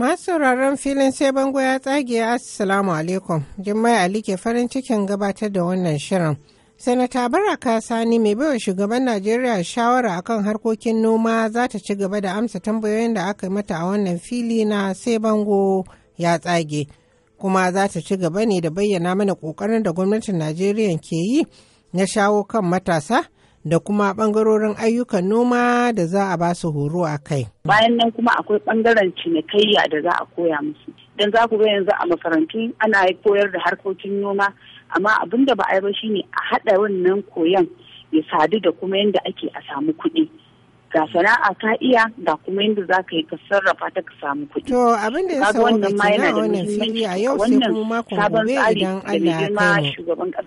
Masu sauraron filin sai bango ya tsage assalamu alaikum. Jummai Ali ke farin cikin gabatar da wannan shirin. Sanata Baraka Sani mai baiwa shugaban Najeriya shawara akan harkokin noma za ta ci gaba da amsa tambayoyin da aka mata a wannan fili na sai bango ya tsage. Kuma za ta ci gaba ne da bayyana mana ƙoƙarin da gwamnatin Najeriya ke yi na shawo kan matasa da kuma bangarorin ayyukan noma da za a ba su horo a kai. Bayan nan kuma akwai ɓangaren cinikayya da za a koya musu. Don za ku ga yanzu a makarantu ana koyar da harkokin noma, amma abin da ba a yi ba shine a haɗa wannan koyan ya sadu da kuma yadda ake a samu kuɗi. ga sana'a ka iya ga kuma yadda za ka yi ka sarrafa ta ka samu kuɗi. To abin da ya sa wannan ma yana da muhimmanci a yau sai kuma makon gobe idan Allah ya kai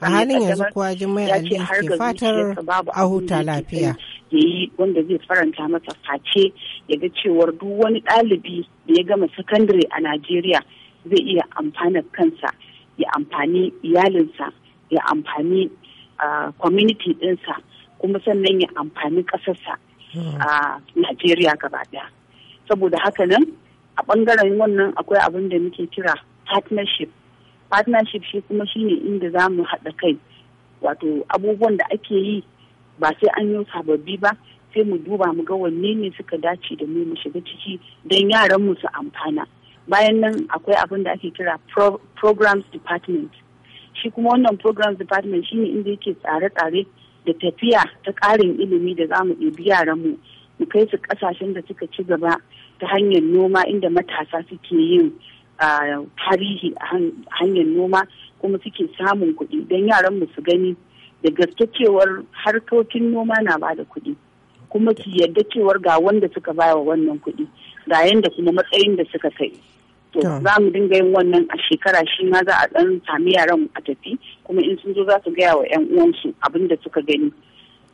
A halin yanzu kuwa jima'i Ali ke fatar a huta lafiya. ya yi wanda zai faranta masa face ya ga cewar duk wani ɗalibi da ya gama sakandare a Najeriya zai iya amfana kansa ya amfani iyalinsa ya amfani ah, community ɗinsa kuma sannan ya amfani ƙasarsa. a Najeriya gaba daya. Saboda haka nan a bangaren wannan akwai abin da muke kira partnership. Partnership shi kuma shine inda za mu haɗa kai wato abubuwan da ake yi ba sai an yi sababbi ba sai mu duba mu ga wanne ne suka dace da mu mu shiga ciki don yaran mu su amfana. Bayan nan akwai abin da ake kira programs department. Shi kuma wannan programs department ne inda yake tsare-tsare da tafiya ta ƙarin ilimi da za mu ɗebi yaranmu mu kai su ƙasashen da suka ci gaba ta hanyar noma inda matasa suke yin tarihi a hanyar noma kuma suke samun kuɗi don yaranmu su gani da gaske cewar harkokin noma na ba da kuɗi kuma ki yarda cewar ga wanda suka baya wannan kuɗi ga yanda kuma matsayin da suka kai. to za mu dinga yin wannan a shekara shi ma za a dan sami yaran a tafi kuma in sun zo za su gaya wa yan uwansu abin da suka gani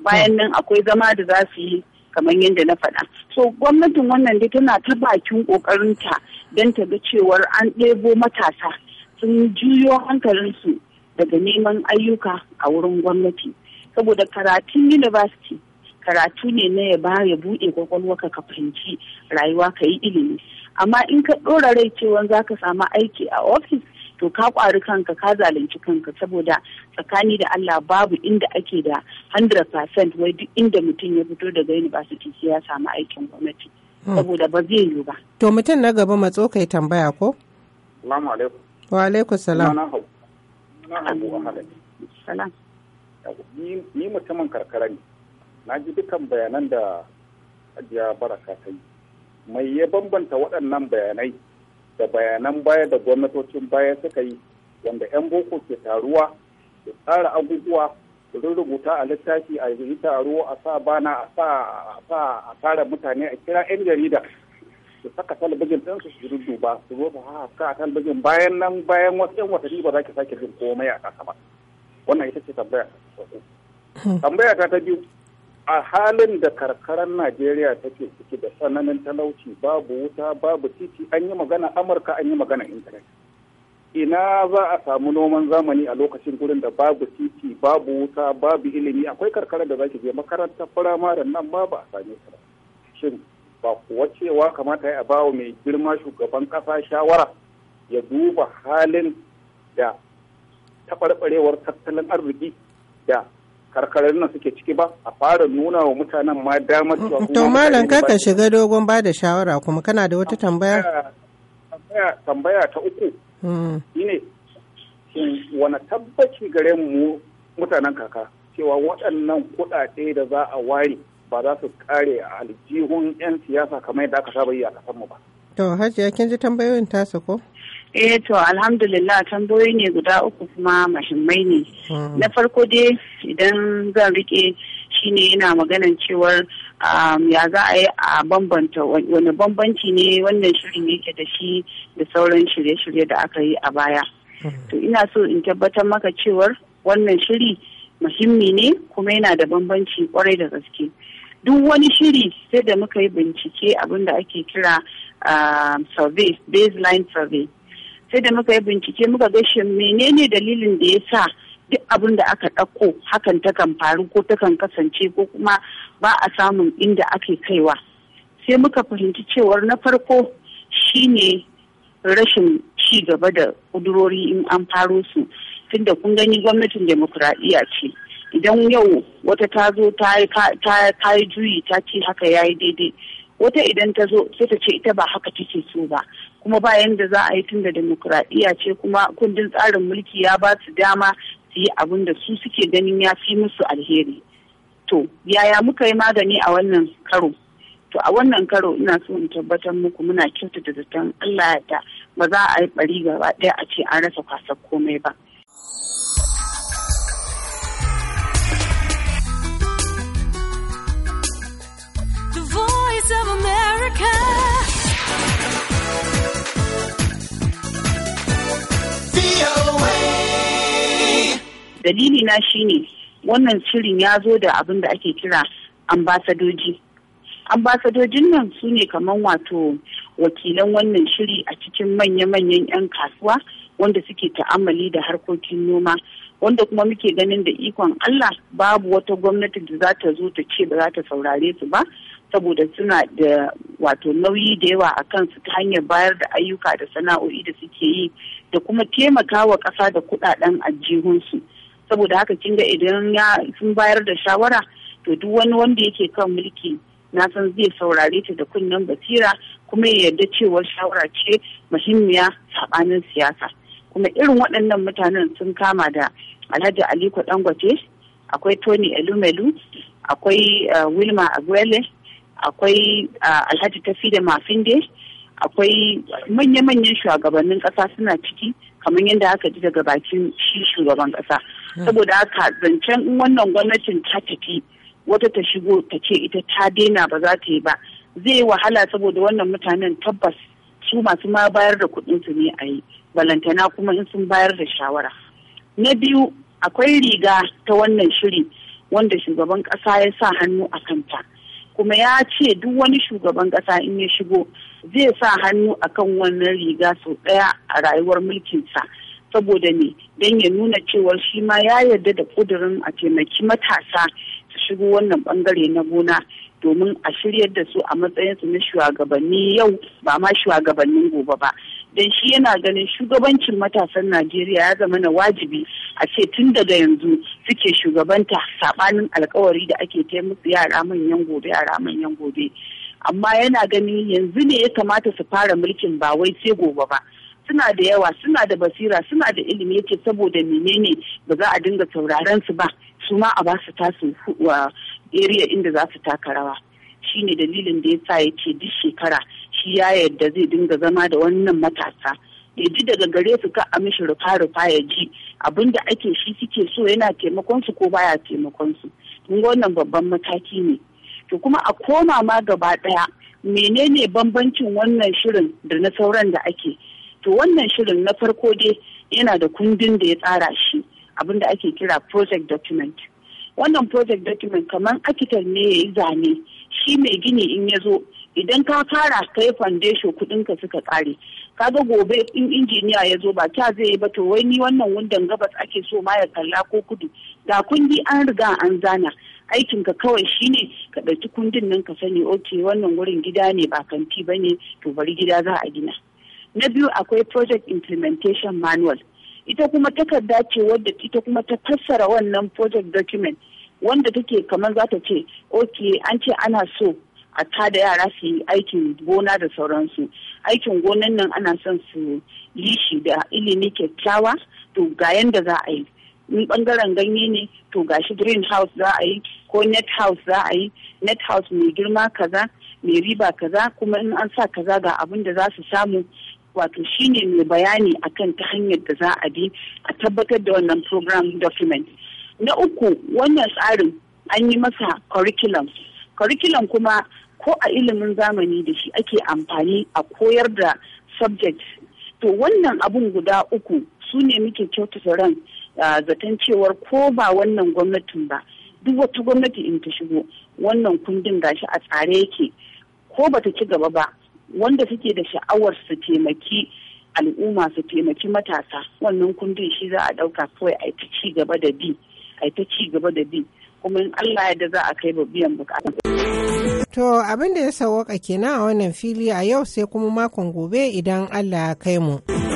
bayan nan akwai zama da za su yi kamar yadda na faɗa so gwamnatin wannan dai tana ta bakin ƙoƙarinta don ta ga cewar an ɗebo matasa sun juyo hankalinsu daga neman ayyuka a wurin gwamnati saboda karatun university karatu ne na ya ba ya buɗe kwakwalwa ka fahimci rayuwa ka yi ilimi amma in ka ɗora rai cewa za ka samu aiki a ofis to ka kwari kanka ka zalunci kanka saboda tsakani da Allah babu inda ake da 100% wai duk inda mutum ya fito daga university sai ya samu aikin gwamnati hmm. saboda ba zai yiwu ba to mutum na gaba matso kai tambaya ko assalamu alaikum wa alaikum salam ni mutumin karkara ne na ji dukan bayanan da ajiya baraka ta yi mai ya bambanta waɗannan bayanai da bayanan baya da gwamnatocin baya suka yi wanda 'yan boko ke taruwa da tsara abubuwa su rubuta a littafi a yi taro a sa bana a sa a tara mutane a kira 'yan jarida su saka talabijin ɗinsu su ba su zo su haka a talabijin bayan nan bayan wasu 'yan watanni ba za ki sake jin komai a ƙasa ba wannan ita ce tambaya ta hmm. biyu a halin da karkarar najeriya take ciki da tsananin talauci babu wuta babu titi an yi magana amurka an yi magana intanet ina za a samu noman zamani a lokacin gurin da babu titi babu wuta babu ilimi akwai karkarar da zaki je makaranta firamare nan ba a same ta shin ba kuwa cewa kamata ya wa mai girma shugaban kasa shawara ya duba halin da taɓarɓarewar tattalin arziki da karkarar nan suke ciki ba a fara nuna wa mutanen ma damar cewa to malam kaka shiga dogon ba da shawara kuma kana da wata tambaya tambaya ta uku hmm. shine wani tabbaci gare mu mutanen kaka cewa waɗannan kuɗaɗe da za a ware ba za su kare a aljihun 'yan siyasa kamar yadda aka saba yi a ƙasarmu ba. To, Hajiya, kin ji tambayoyin tasa ko? Eh to alhamdulillah tambayoyi ne guda uku kuma mahimmai ne. Hmm. Na farko dai idan zan rike shine yana maganan cewar um, ya za a yi a bambanta wani bambanci ne wannan shirin yake da shi da sauran shirye-shirye da aka yi a baya. Hmm. To ina so in tabbatar maka cewar wannan shiri muhimmi ne kuma yana da bambanci kwarai da gaske. Duk wani shiri sai da muka yi bincike abin da ake kira um, survey, baseline survey. sai da muka yi bincike muka ga shi menene dalilin da ya sa duk abin da aka ɗauko hakan takan faru ko takan kasance ko kuma ba a samun inda ake kaiwa sai muka fahimci cewar na farko shine rashin ci gaba da kudurori in an faru su tunda kun gani gwamnatin demokuraɗiyya ce idan yau wata ta zo ta yi juyi ta ce haka ya yi daidai wata idan ta zo sai ta ce ita ba haka take so ba kuma ba yanda za a yi tun da demokuraɗiyya ce kuma kundin tsarin mulki ya ba su dama su yi abin da su suke ganin ya fi musu alheri to yaya muka yi magani a wannan karo to a wannan karo ina so in tabbatar muku muna kyauta da zaton Allah ya ba za a yi bari gaba ɗaya a ce an rasa kwasar komai ba. The voice of America. dalili na shine wannan shirin ya zo da abin da ake kira ambasadoji ambasadojin nan su ne kamar wato wakilan wannan shiri a cikin manya-manyan 'yan kasuwa wanda suke ta'amali da harkokin noma wanda kuma muke ganin da ikon Allah babu wata gwamnati da za ta zo ta ce ba za ta saurare su ba saboda suna da wato nauyi da yawa a kansu ta hanyar bayar da ayyuka da sana'o'i da suke yi da kuma taimaka wa ƙasa da kuɗaɗen ajihunsu. saboda haka kin ga idan ya sun bayar da shawara to duk wani wanda yake kan mulki na san zai saurare ta da kunnen basira kuma ya yarda cewar shawara ce muhimmiya sabanin siyasa kuma irin waɗannan mutanen sun kama da alhaji aliko dangote akwai tony elumelu akwai eh, wilma Aguele, akwai eh, alhaji tafi da mafinde akwai manya-manyan shugabannin ƙasa suna ciki kamar yadda aka ji daga bakin shi shugaban ƙasa Hmm. saboda haka zancen wannan gwamnatin ta tafi wata ta shigo ta ce ita ta daina ba za ta yi ba zai yi wahala saboda wannan mutanen tabbas su masu ma bayar da kuɗin su ne a yi balantana kuma in sun bayar da shawara na biyu akwai riga ta wannan shiri wanda shugaban ƙasa ya sa hannu a kanta kuma ya ce duk wani shugaban ƙasa in ya shigo zai sa hannu akan wannan riga sau ɗaya a rayuwar mulkinsa saboda ne don ya nuna cewar shi ma ya yarda da kudurin a taimaki matasa su shigo wannan bangare na gona domin a shiryar da su a matsayinsu na shugabanni yau ba ma shugabannin gobe ba don shi yana ganin shugabancin matasan najeriya ya zama na wajibi a ce tun daga yanzu suke shugabanta saɓanin alkawari da ake kai musu yara manyan gobe yara manyan gobe amma yana ganin yanzu ne ya kamata su fara mulkin ba wai sai gobe ba suna da yawa suna da basira suna da ilimi yake saboda menene ba za a dinga sauraron su ba su ma a ba su tasu wa area inda za su taka rawa shine dalilin da yasa yake duk shekara shi ya yarda zai dinga zama da wannan matasa ya ji daga gare su ka a mishi rufa-rufa ya ji da ake shi suke so yana taimakon su ko baya taimakon su wannan babban mataki ne to kuma a koma ma gaba daya menene bambancin wannan shirin da na sauran da ake to wannan shirin na farko dai yana da kundin da ya tsara shi abinda ake kira project document wannan project document kamar akitar ne ya yi zane shi mai gini in ya zo idan ka fara ka yi foundation kudin ka suka kare kaga gobe in injiniya ya zo ba ta zai yi ba to wai ni wannan wundan gabas ake so ma ya kalla ko kudu ga kundi an riga an zana aikin ka kawai shine ka ɗauki kundin nan ka sani ok wannan wurin gida ne ba kanti bane to bari gida za a gina na biyu akwai project implementation manual ita kuma takarda ce wadda ita kuma ta fassara wannan project document wanda take kamar za ta ce ok an ce ana so a tada yara su yi aikin gona da sauransu aikin gonan nan ana son su yi shi da ilimi kyakkyawa to ga yanda za a yi in bangaren ganye ne to gashi green house za a yi ko net house za a yi net house mai girma kaza mai riba kaza kuma in an sa kaza ga abin da za su samu wato shine mai bayani akan ta hanyar da za a bi a tabbatar da wannan program document na uku wannan tsarin an yi masa curriculum curriculum kuma ko a ilimin zamani da shi ake amfani a koyar da subject to wannan abun guda uku su ne muke kyautata ran zaton cewar ko ba wannan gwamnatin ba duk wata gwamnati in ta shigo wannan kundin gashi a tsare yake ko bata ci gaba ba wanda suke da sha'awar su taimaki al'umma su taimaki matasa wannan kundin shi za a ɗauka kawai a ta ci gaba da bi a ta ci gaba da bi kuma in Allah ya da za a kai biyan bukata. To abin da ya sawaka kenan a wannan fili a yau sai kuma makon gobe idan Allah ya kai mu.